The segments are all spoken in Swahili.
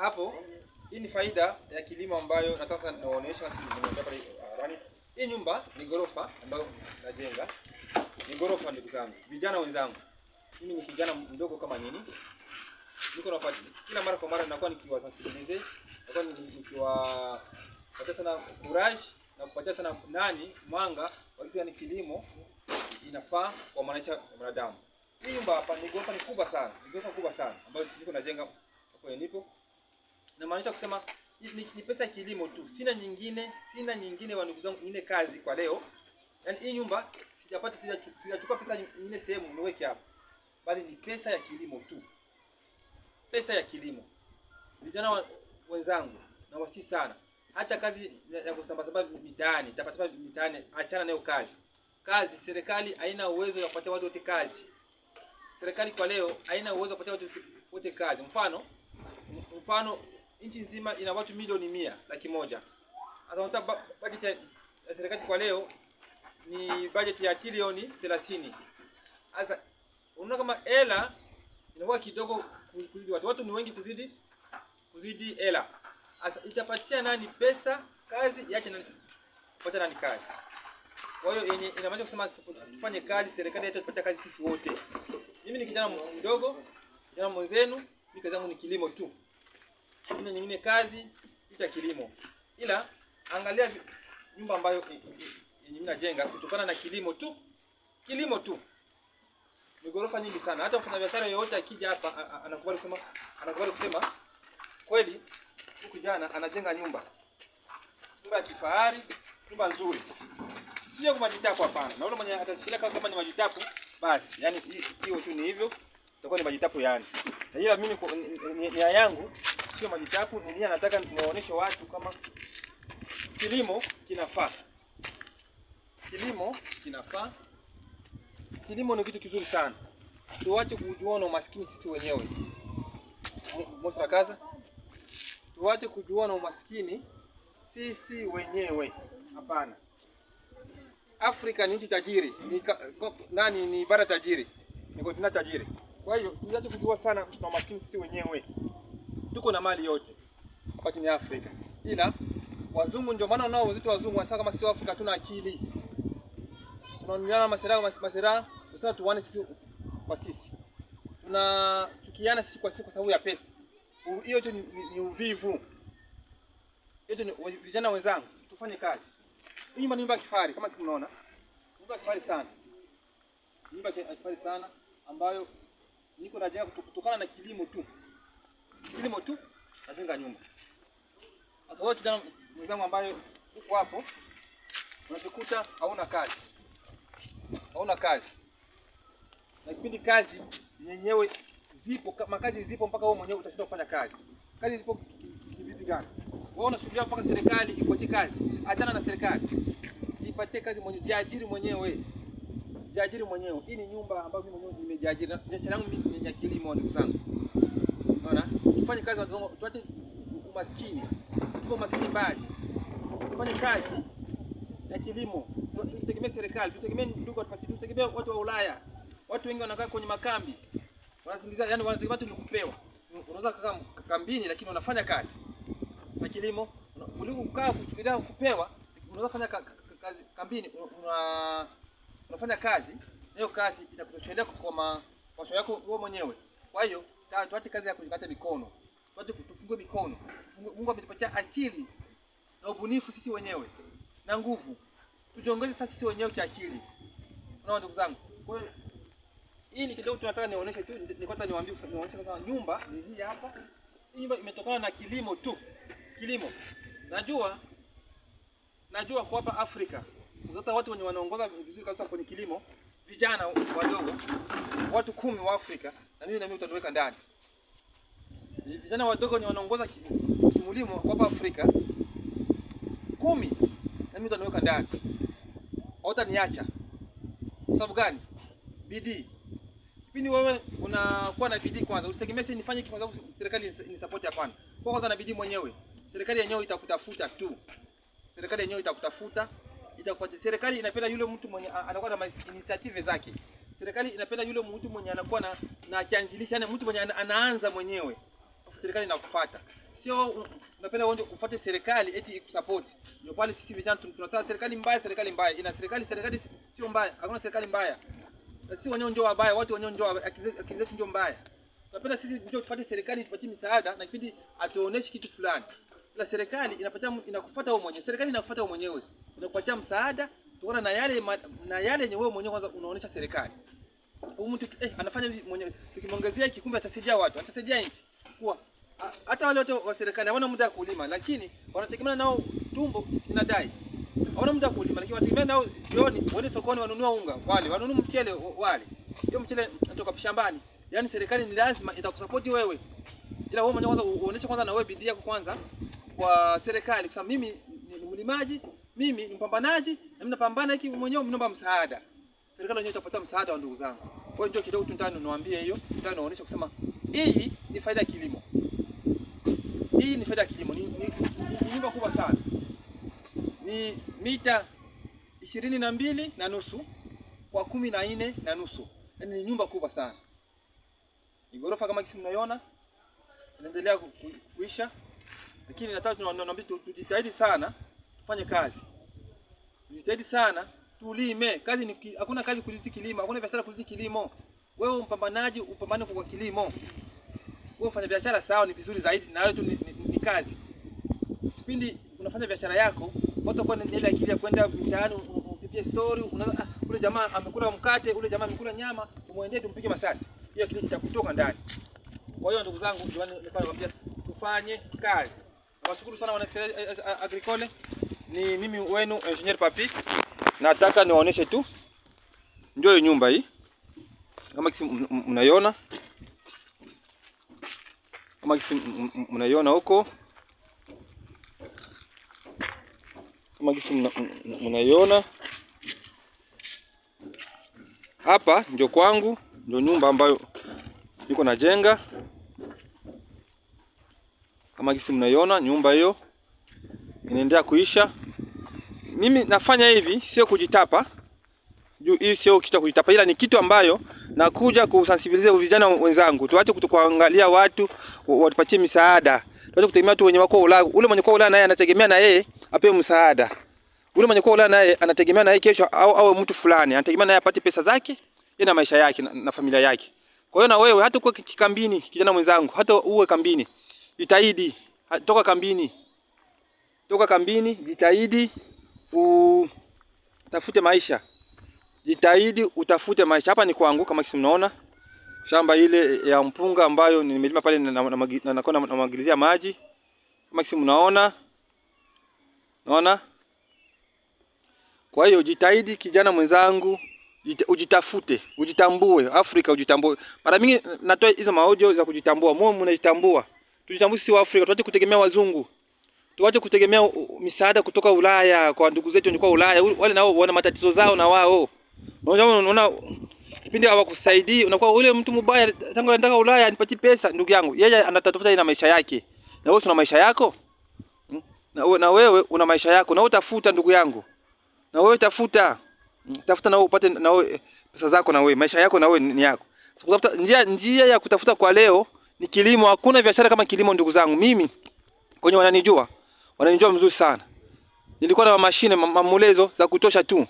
hapo. Hii ni faida ya kilimo ambayo nataka naonyesha. Hii nyumba ni gorofa ambayo najenga, ni gorofa. Ndugu zangu, vijana wenzangu, mimi ni kijana mdogo kama nini, niko na kila mara kwa mara, ninakuwa nakuwa nikiwa nikiwapatia sana courage na kupatia sana nani mwanga wakisema ni kilimo inafaa kwa maisha ya mwanadamu. Hii nyumba hapa ni gorofa, ni kubwa sana, ni gorofa kubwa sana ambayo niko najenga hapo nipo. Namaanisha kusema ni, ni pesa kilimo tu, sina nyingine, sina nyingine wa ndugu zangu, nyingine kazi kwa leo. Yaani hii nyumba sijapata, sijachukua pesa nyingine sehemu niweke hapa, bali ni pesa ya kilimo tu, pesa ya kilimo. Vijana wenzangu, na wasi sana, hata kazi ya kusambaza mitaani, tapata mitaani, achana nayo kazi. Kazi serikali haina uwezo ya kupatia watu wote kazi. Serikali kwa leo haina uwezo wa kupatia watu wote kazi. Mfano mfano nchi nzima ina watu milioni mia laki moja. Sasa unataka bajeti ya serikali kwa leo ni bajeti ya trilioni thelathini. Sasa unaona kama hela inakuwa kidogo kuzidi watu, watu ni wengi kuzidi kuzidi hela. Sasa itapatia nani pesa? Kazi yache nani kupata nani kazi? Kwa hiyo yenye inamaanisha kusema tufanye kazi, serikali yetu tupate kazi sisi wote. Mimi ni kijana mdogo, kijana mwenzenu, mimi kazi yangu ni kilimo tu ile nyingine kazi, hicha kilimo. Ila angalia nyumba ambayo yenye najenga kutokana na kilimo tu, kilimo tu ni ghorofa nyingi sana. Hata mfanya biashara yoyote akija hapa anakubali kusema, anakubali kusema kweli, huku jana anajenga nyumba, nyumba ya kifahari, nyumba nzuri, sio kwa majitapu. Hapana, na yule mwenye atashikilia kama kama ni majitapu basi, yani hiyo tu ni hivyo, itakuwa ni majitapu yani. Na Ila mimi nia yangu sio maji chafu. Dunia nataka niwaoneshe watu kama kilimo kinafaa, kilimo kinafaa. Kilimo ni kitu kizuri sana, tuache kujuana umaskini sisi wenyewe. Musa Kaza, tuache kujuana umaskini sisi wenyewe. Hapana, Afrika ni nchi tajiri, ni nani, ni bara tajiri, ni kontinenti tajiri. Kwa hiyo tuache kujua sana na umaskini sisi wenyewe tuko na mali yote hapa chini ya Afrika, ila wazungu ndio maana nao wenzetu wazungu wanasema kama sio Afrika tuna akili, tunaoniana masera masera, tunasema tuone sisi kwa sisi, tukiana sisi kwa sisi kwa sababu ya pesa. Hiyo tu ni, ni uvivu. Hiyo vijana wenzangu, tufanye kazi. Hii nyumba ni nyumba ya kifahari kama tunaona, nyumba ya kifahari sana, nyumba ya kifahari sana ambayo niko najenga kutokana na kilimo tu kilimo tu, najenga nyumba. Sasa wewe kijana mwenzangu ambaye uko hapo unajikuta hauna kazi, hauna kazi, na kipindi kazi yenyewe zipo, makazi zipo mpaka wewe mwenyewe utashinda kufanya kazi. Kazi zipo kivipi gani? Wewe unasubiria mpaka serikali ikuachie kazi? Achana na serikali, jipatie kazi mwenyewe, jiajiri mwenyewe jiajiri mwenyewe. Hii ni nyumba ambayo mimi mwenyewe nimejiajiri. Biashara yangu mimi ni ya kilimo, ndugu zangu tufanye kazi, tuache umaskini, tuko maskini mbali, tufanye kazi ya kilimo, tutegemee serikali, tutegemee ndugu, tutegemee watu wa Ulaya. Watu wengi wanakaa kwenye makambi wanasingizia, yani wanategemea tu kupewa. Unaweza kukaa kambini, lakini unafanya kazi na kilimo kuliko kukaa kusubiria kupewa. Unaweza fanya kazi kambini, una unafanya kazi hiyo, kazi itakutoshelea kwa mapato yako wewe mwenyewe. Kwa hiyo tuache kazi ya kujikata mikono watu tufungue mikono. Mungu ametupatia akili na ubunifu sisi wenyewe na nguvu, tujiongeze sasa sisi wenyewe kiakili. Unaona ndugu zangu, kwa hiyo hii ni kidogo tunataka nionyeshe tu, nikata niwaambie, nionyeshe kama nyumba ni hii hapa. Hii nyumba imetokana na kilimo tu, kilimo. Najua najua kwa hapa Afrika sasa watu wenye wanaongoza vizuri kabisa kwenye kilimo, vijana wadogo, watu kumi wa Afrika, na mimi na mimi utaniweka ndani vijana wadogo ni wanaongoza kimulimo kwa hapa Afrika kumi, na nami utaniweka ndani, hautaniacha. Sababu gani? Bidii. Kipindi wewe unakuwa na bidii kwanza, usitegemee sisi nifanye kwa sababu serikali ni support. Hapana, kwa kwanza na bidii mwenyewe, serikali yenyewe itakutafuta tu, serikali yenyewe itakutafuta itakupatia. Serikali inapenda yule mtu mwenye anakuwa na initiative zake. Serikali inapenda yule mtu mwenye anakuwa na na kianzilisha, chanjilisha, mtu mwenye anaanza mwenyewe serikali inakufuata, sio unapenda uonje ufuate serikali eti ikusupport. Ndio pale sisi vijana tunasema serikali mbaya, serikali mbaya. Ina serikali, serikali sio mbaya, hakuna serikali mbaya, na sisi wenyewe ndio wabaya, watu wenyewe ndio akili zetu ndio mbaya. Tunapenda sisi ndio tupate serikali tupatie misaada na kipindi atuoneshe kitu fulani, ila serikali inapata inakufuata wewe mwenyewe, serikali inakufuata wewe mwenyewe, inakupatia msaada kutokana na yale na yale yenye wewe mwenyewe kwanza unaonesha serikali huyu mtu eh, anafanya hivi mwenyewe, tukimwongezea kikumbe atasaidia watu, atasaidia nchi kwa hata wale wote wa serikali hawana muda wa kulima, lakini wanategemea nao, tumbo inadai, hawana muda wa kulima, lakini wanategemea nao jioni wale sokoni wanunua unga wale, wanunua mchele wale, hiyo mchele natoka shambani. Yani serikali ni lazima itakusapoti wewe, ila wewe mwenyewe kwanza uoneshe kwanza na wewe bidii yako kwanza kwa serikali, kwa sababu mimi ni mlimaji, mimi ni mpambanaji, na mimi napambana hiki mwenyewe, mnaomba msaada serikali yenyewe itapata msaada wa ndugu zangu. Kwa hiyo ndio kidogo tu ndio niwaambie hiyo, ndio naonesha kusema hii ni faida ya kilimo. Hii ni fedha ya kilimo, ni nyumba kubwa sana, ni mita ishirini na mbili na nusu kwa kumi na nne na nusu yaani ni nyumba kubwa sana, ni ghorofa kama kisi mnaiona inaendelea kuisha, lakini nataka tujitahidi sana, tufanye kazi, tujitahidi sana, tulime. Kazi ni hakuna kazi kuzidi kilimo, hakuna biashara kuzidi kilimo. Wewe mpambanaji, upambane kwa kilimo wewe unafanya biashara sawa, ni vizuri zaidi, na wewe tu ni, ni, ni kazi. Kipindi unafanya biashara yako, watu kwa ile akili ya kwenda mtaani upigie story, unaanza ah, ule jamaa amekula mkate, ule jamaa amekula nyama, umwendee tumpige masasi. Hiyo kitu kitakutoka ndani. Kwa hiyo ndugu zangu, jamani, nilikuwa nakwambia tufanye kazi. Nawashukuru sana wana eh, eh, eh, Agricole. Ni mimi wenu Engineer Papi. Nataka niwaoneshe tu ndio nyumba hii kama kisi mnaiona kama gisi mnaiona huko, kama gisi mnaiona hapa, ndio kwangu, ndio nyumba ambayo niko najenga. Kama gisi mnaiona nyumba hiyo inaendelea kuisha. Mimi nafanya hivi sio kujitapa juu hii sio kitu kuitapa, ila ni kitu ambayo nakuja kusensibilize vijana wenzangu, tuache kutokuangalia watu watupatie misaada, tuache kutegemea tu wenye wako ulaya. Ule mwenye kwa ulaya naye anategemea na yeye apewe msaada, ule mwenye kwa ulaya naye anategemea na yeye kesho au awe mtu fulani, anategemea naye apate pesa zake yeye na maisha yake na, na familia yake. Kwa hiyo na wewe hata uko kikambini, kijana mwenzangu, hata uwe kambini, jitahidi toka kambini, toka kambini, jitahidi utafute maisha jitahidi utafute maisha. Hapa ni kwangu kama kisi, mnaona shamba ile ya mpunga ambayo nimelima pale na na namwagilizia maji kama kisi, mnaona. Naona. Kwa hiyo jitahidi kijana mwenzangu, jita, ujitafute, ujitambue, Afrika ujitambue. Mara mingi natoa hizo maojo za kujitambua. mwa mnajitambua. Tujitambue sisi wa Afrika, tuache kutegemea wazungu. Tuache kutegemea misaada kutoka Ulaya kwa ndugu zetu walikuwa Ulaya. Wale nao wana matatizo zao na wao. Unaona, kipindi hawakusaidii unakuwa ule mtu mbaya, tangu anataka Ulaya anipati pesa. Ndugu yangu, yeye anatafuta ina maisha yake, na wewe una maisha yako, hmm? na wewe na wewe una maisha yako, na wewe tafuta, ndugu yangu, na wewe tafuta, hmm? tafuta na wewe upate na wewe eh, pesa zako, na wewe maisha yako, na wewe ni yako. Kutafuta njia, njia ya kutafuta kwa leo ni kilimo. Hakuna biashara kama kilimo, ndugu zangu. Mimi kwenye wananijua, wananijua mzuri sana. Nilikuwa na mashine mamulezo za kutosha tu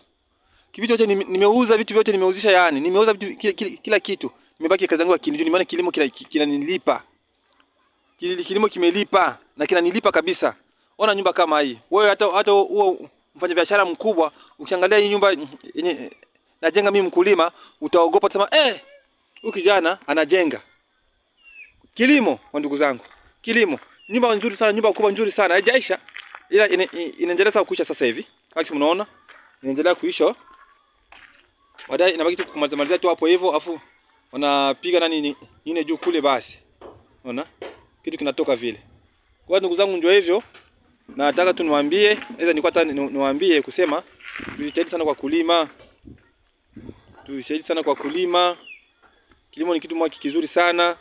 vitu vyote nimeuza, vitu vyote nimeuzisha, yani nimeuza vitu kila, kila, kila kitu. Nimebaki kazi yangu ya kilimo, maana kilimo kinanilipa, kilimo, kilimo kimelipa na kinanilipa kabisa. Ona nyumba kama hii wewe, hata hata huo biashara mkubwa, ukiangalia hii nyumba yenye najenga mimi mkulima, utaogopa utasema, eh, huyu kijana anajenga kilimo. Wa ndugu zangu, kilimo, nyumba nzuri sana, nyumba kubwa nzuri sana, haijaisha ila inaendelea ina, ina kuisha sasa hivi, kama mnaona inaendelea kuisha baadaye inabaki tu kumaliza tu hapo hivyo, afu wanapiga nani nyingine juu kule, basi unaona kitu kinatoka vile. Kwa ndugu zangu, njoo hivyo, nataka tu niwaambie, naweza nilikuwa hata niwaambie kusema tujitahidi sana kwa kulima, tujitahidi sana kwa kulima. Kilimo ni kitu moja kizuri sana.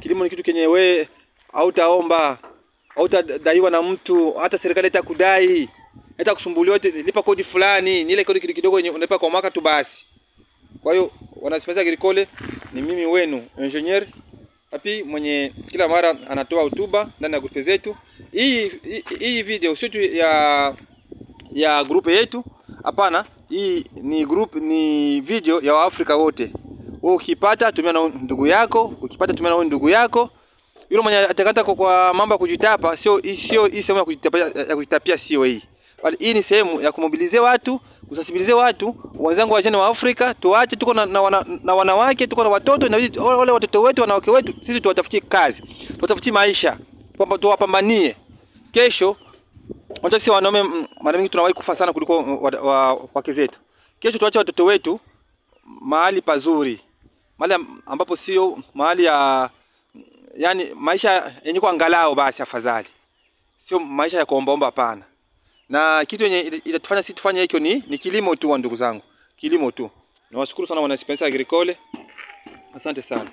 Kilimo ni kitu kenye wewe hautaomba, hautadaiwa na mtu, hata serikali itakudai. Hata kusumbuliwa nipa kodi fulani, ni ile kodi kidogo kidogo yenye unalipa kwa mwaka tu basi. Kwa hiyo wanasipesa Agricole ni mimi wenu engineer api mwenye kila mara anatoa hotuba ndani ya grupu zetu. Hii hii video sio tu ya ya grupu yetu. Hapana, hii ni group ni video ya Waafrika wote. Wewe ukipata tumia na ndugu yako, ukipata tumia na ndugu yako. Yule mwenye atakata kwa mambo ya kujitapa sio sio hii sehemu ya kujitapia sio hii hii ni sehemu ya kumobilize watu, kusasibilize watu, wenzangu wajane wa Afrika, tuache tuko na, na, na, na wanawake, tuko na watoto, na wale watoto wetu, wanawake wetu, sisi tuwatafutie kazi, tuwatafutie maisha, tuwapambanie kesho. Wacha sisi wanaume mara nyingi tunawahi kufa sana kuliko wake zetu. Kesho tuache watoto wetu mahali pazuri, mahali ambapo sio mahali ya yani maisha yenye kuangalao basi afadhali, sio maisha ya kuombaomba. Hapana na kitu yenye itatufanya sisi tufanye hicho ni, ni kilimo tu, ndugu zangu, kilimo tu. Nawashukuru sana wana Spencer Agricole, asante sana.